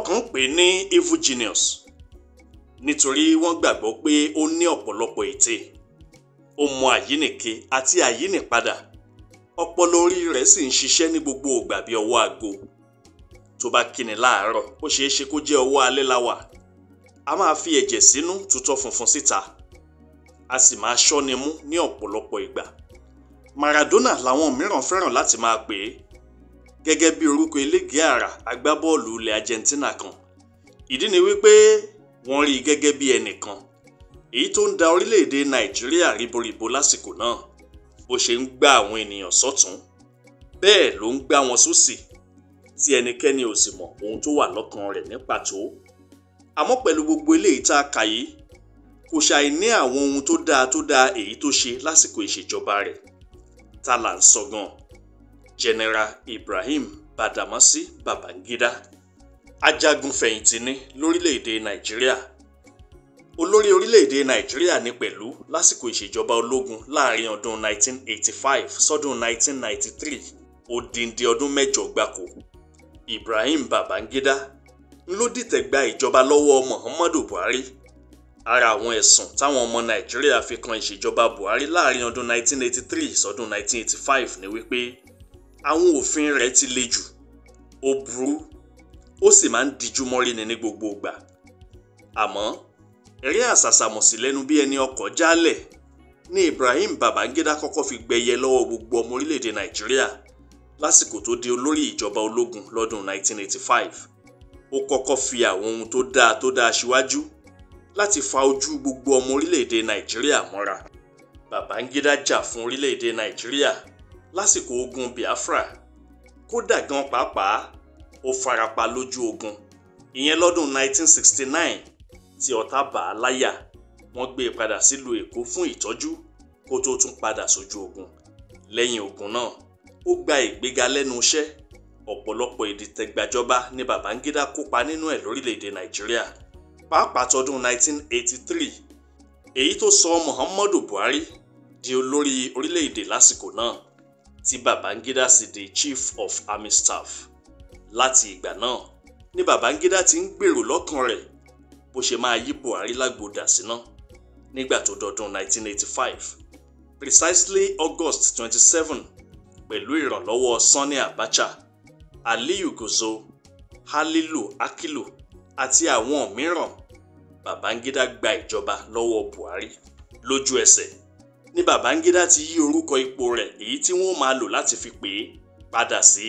àwọn kan ń pè ní evil genius nítorí wọ́n gbàgbọ́ pé ó ní ọ̀pọ̀lọpọ̀ ète ó mọ àyínìke àti àyínìpadà ọpọlọ orí rẹ̀ sì ń ṣiṣẹ́ ní gbogbo ògbà bí ọwọ́ aago tó bá kíni láàárọ̀ ó ṣeé ṣe kó jẹ́ ọwọ́ alẹ́ la wà a máa fi ẹ̀jẹ̀ sínú tutọ́ funfun síta a sì máa ṣọ́ni mú ní ọ̀pọ̀lọpọ̀ ìgbà Maradona làwọn mìíràn fẹ́ràn láti máa pè é gẹ́gẹ́ bí orúkọ eléègé àrà agbábọ́ọ̀lù ilẹ̀ Argentina kan ìdí ni wípé wọ́n rí i gẹ́gẹ́ bí ẹnìkan èyí tó ń da orílẹ̀-èdè Nàìjíríà ríboríbo lásìkò náà bó ṣe ń gbá àwọn ènìyàn sọ́tún bẹ́ẹ̀ ló ń gbá wọn sósì tí ẹnikẹ́ni ò sì mọ ohun tó wà lọ́kàn rẹ̀ ní pàtó àmọ́ pẹ̀lú gbogbo eléyìí tá a kà yìí kò ṣàì ní àwọn ohun tó dáa tó dáa èyí tó ṣe lásìkò ìṣèjọba rẹ̀ tá là ń sọ gan-an general ibrahim badamasi babangida ajagunfẹ̀yìntì ní lórílẹ̀‐èdè nàìjíríà olórí orílẹ̀‐èdè nàìjíríà ní pẹ̀lú lásìkò ìṣèjọba ológun láàrin ọdún 1985 sọ́dún 1993 odindi ọdún mẹ́jọ gbáko ibrahim babangida ló dìtẹ̀ gba ìjọba lọ́wọ́ muhammadu buhari ara àwọn ẹ̀sùn táwọn ọmọ nàìjíríà fi kan ìṣèjọba buhari láàrin ọdún 1983 sọ́dún 1985 ni wípé àwọn òfin rẹ̀ ti le jù ó burú ó sì máa ń dijú mọ́rí ni ní gbogbo ìgbà àmọ́ eré àsàsàmọ̀sí lẹ́nu bí ẹni ọkọ̀ jálẹ̀ ni Ibrahim Babangida kọ́kọ́ fi gbẹyẹ lọ́wọ́ gbogbo ọmọ orílẹ̀-èdè Nàìjíríà lásìkò tó di olórí ìjọba ológun lọ́dún 1985 ó kọ́kọ́ fi àwọn ohun tó dáa tó dáa síwájú láti fa ojú gbogbo ọmọ orílẹ̀-èdè Nàìjíríà mọ́ra Babangida jà fún orílẹ̀-èdè Nàìjíríà lásìkò ogun Biafra kódà gan pàápàá ó farapa lójú ogun ìyẹn lọ́dún 1969 tí ọ̀tá bà á láyà wọ́n gbé e padà sílùú Èkó fún ìtọ́jú kó tó tún padà sójú ogun lẹ́yìn ogun náà ó gba ìgbéga lẹ́nu iṣẹ́ ọ̀pọ̀lọpọ̀ ìdìtẹ̀gbàjọba ni Babangida kópa nínú ẹ̀ lórílẹ̀‐èdè Nàìjíríà pàápàá tọdún 1983 èyí tó sọ Muhammadu Buhari di olórí orílẹ̀‐èdè lásìkò náà tí Babangida sì di Chief of Army Staff láti ìgbà náà ni Babangida ti ń gbèrò lọ́kàn rẹ̀ bó ṣe máa yí Buhari lágbo dà síná nígbà tó dọdún 1985 precisely August 27 pẹ̀lú ìrànlọ́wọ́ Sani Abacha Aliyu Gozo Halilu Akilu àti àwọn mìíràn Babangida gba ìjọba lọ́wọ́ Buhari lójú ẹsẹ̀ ni Babangida ti yí orúkọ ipò rẹ̀ èyí tí wọ́n máa lò láti fi pè é padà sí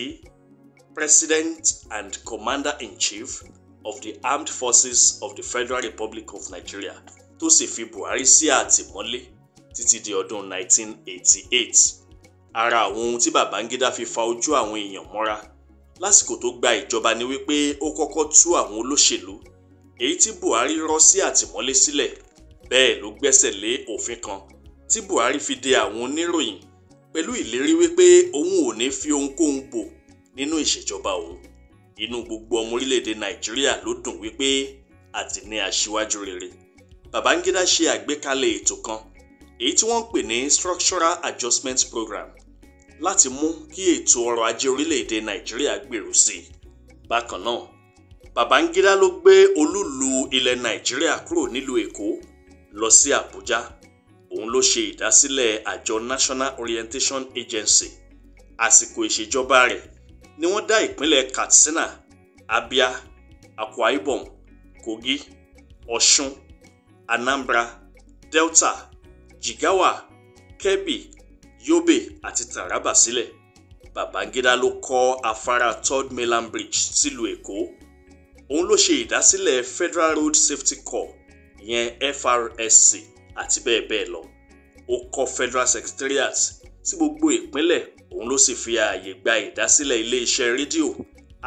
President and Commander-in-Chief of the Armed Forces of the Federal Republic of Nigeria tó sì fi Buhari sí àtìmọ́lé títí di ọdún 1988 ara àwọn ohun tí Babangida fi fa ojú àwọn èèyàn mọ́ra lásìkò tó gba ìjọba ni wípé ó kọ́kọ́ tú àwọn olóṣèlú èyí tí Buhari rọ́ sí àtìmọ́lé sílẹ̀ bẹ́ẹ̀ ló gbẹ́sẹ̀ lé òfin kan tí Buhari fi de àwọn oníròyìn pẹ̀lú ìlérí wípé òun ò ní fi ohunkóhun bò nínú ìṣèjọba òun inú gbogbo ọmọ orílẹ̀-èdè Nàìjíríà ló dùn wípé àti ní aṣíwájú rere Babangida ṣe àgbékalẹ̀ ètò kan èyí tí wọ́n ń pè ní structural adjustment program láti mú kí ètò ọrọ̀ ajé orílẹ̀-èdè Nàìjíríà gbèrú sí i bákan náà Babangida ló gbé olúlu ilẹ̀ Nàìjíríà kúrò nílùú Èkó lọ sí Àbújá òun ló ṣe ìdásílẹ̀ àjọ National Orientation Agency àsìkò ìṣèjọba rẹ̀ ni wọ́n dá ìpínlẹ̀ Katsina Abia Akwa Ibom Kogi Ọ̀ṣun Anambra Delta Jigawa Kebbi Yobe àti Taraba sílẹ̀ Babangida ló kọ́ afárá Third Mainland Bridge sílùú Èkó òun ló ṣe ìdásílẹ̀ Federal Road Safety Corps ìyẹn FRSC àti bẹ́ẹ̀ bẹ́ẹ̀ lọ ó kọ́ federal secretariat sí gbogbo ìpínlẹ̀ òun ló sì fi ààyè gba ìdásílẹ̀ iléeṣẹ́ rédíò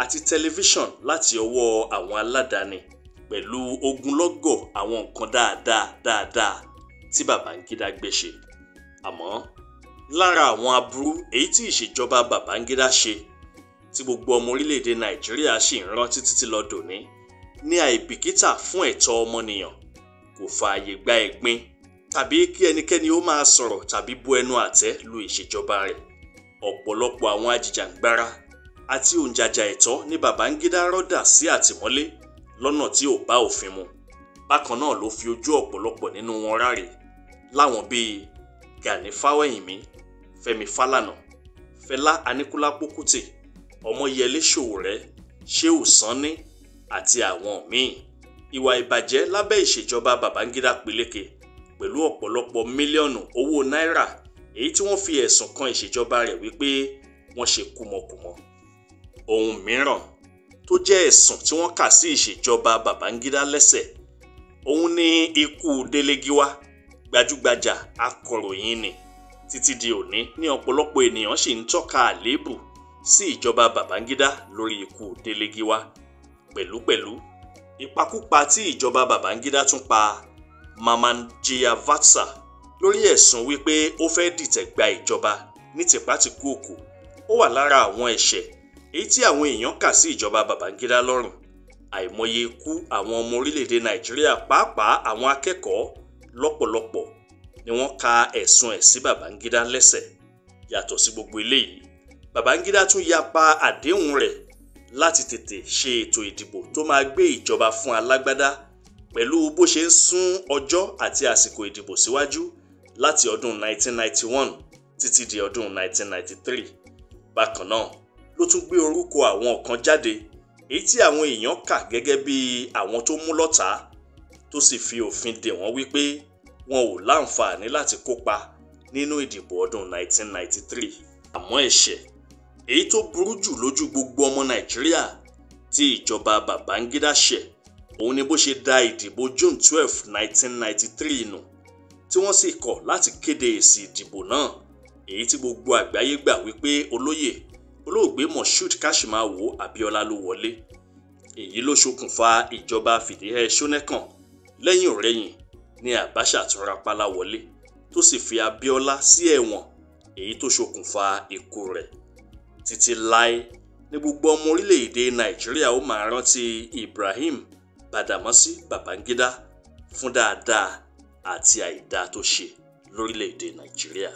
àti tẹlifíṣàn láti ọwọ́ àwọn aládàáni pẹ̀lú ogunlọ́gọ̀ àwọn nǹkan dáadáa dáadáa tí Babangida gbé ṣe àmọ́ lára àwọn aburú èyí tí ìṣèjọba Babangida ṣe tí gbogbo ọmọ orílẹ̀-èdè Nàìjíríà sì ń rántí títí lọ dòní ní àìbìkítà fún ẹ̀tọ́ ọmọnìyàn kò fààyè gba ẹ̀gbin tàbí kí ẹnikẹ́ni ó máa sọ̀rọ̀ tàbí bu ẹnu àtẹ́ lu ìṣèjọba rẹ̀ ọ̀pọ̀lọpọ̀ àwọn ajìjàǹgbara àti òǹjàjà ẹ̀tọ́ ni Babangida rọ́dà sí àtìmọ́lé lọ́nà tí ò bá òfin mu bákan náà ló fi ojú ọ̀pọ̀lọpọ̀ nínú wọn ráre láwọn bíi Gani Fáwẹ́hìnmí Fẹ́mi Fálànà Fẹlá Aníkúlápó Kútè Ọmọyẹlé Ṣòwòrẹ́ Ṣéhù Sànní àti àwọn míì ìwà ìbàjẹ́ lábẹ́ ìṣèjọba Babangida peléke pẹ̀lú ọ̀pọ̀lọpọ̀ mílíọ̀nù owó náírà èyí tí wọ́n fi ẹ̀sùn kan ìṣèjọba rẹ̀ wípé wọ́n ṣe kúmọkùmọ. ohun mìíràn tó jẹ́ ẹ̀sùn tí wọ́n kà sí ìṣèjọba Babangida lẹ́sẹ̀ òun ni ikú Delegiwa gbajúgbajà akọ̀ròyìn ni títí di òní ní ọ̀pọ̀lọpọ̀ ènìyàn sì ń tọ́ka àléébù sí ìjọba Babangida lórí ikú Delegiwa pẹ̀lúpẹ̀lú ìpakúpa tí ìjọba Babangida tún pa Mamanjiyavaxa lórí ẹ̀sùn wípé ó fẹ́ dìtẹ̀ gba ìjọba ní tipátikúùkù ó wà lára àwọn ẹ̀ṣẹ̀ èyí tí àwọn èèyàn kà sí ìjọba Babangida lọ́rùn àìmọye ikú àwọn ọmọ orílẹ̀-èdè Nàìjíríà pàápàá àwọn akẹ́kọ̀ọ́ lọ́pọ̀lọpọ̀ ni wọ́n ka ẹ̀sùn ẹ̀ sí Babangida lẹ́sẹ̀ yàtọ̀ sí gbogbo eléyìí Babangida tún yapa àdéhùn rẹ̀ láti tètè ṣe ètò ìdìbò tó máa gbé ìjọba fún alágbádá pẹ̀lú bó ṣe ń sún ọjọ́ àti àsìkò ìdìbò síwájú láti ọdún 1991 títí di ọdún 1993 bákan náà ló tún gbé orúkọ àwọn kan jáde èyí tí àwọn èèyàn kà gẹ́gẹ́ bí àwọn tó mú lọ́tàá tó sì fi òfin dè wọ́n wípé wọn ò láǹfààní láti kópa nínú ìdìbò ọdún 1993 àmọ́ ẹ̀ṣẹ̀ èyí tó burú jù lójú gbogbo ọmọ nàìjíríà tí ìjọba Babangida ṣẹ̀ òun ni bó ṣe da ìdìbò June twelve nineteen ninety three nù tí wọ́n sì kọ̀ láti kéde èsì ìdìbò náà èyí tí gbogbo àgbáyé gbà wípé olóyè olóògbé Moshood Kashimawo Abiola ló wọlé èyí ló ṣokùnfà ìjọba fìdíhẹ́ Ṣónẹ́kàn lẹ́yìn ọ̀rẹ́yìn ni Abacha tún rapálá wọlé tó sì fi Abiola sí ẹ̀wọ̀n èyí tó ṣokùnfà ikú rẹ̀ títí láé ní gbogbo ọmọ orílẹ̀-èdè Nàìjíríà ó máa rántí Ibrahim Badamasi Babangida fún dáadáa àti àìdáa tó ṣe lórílẹ̀‐èdè Nàìjíríà.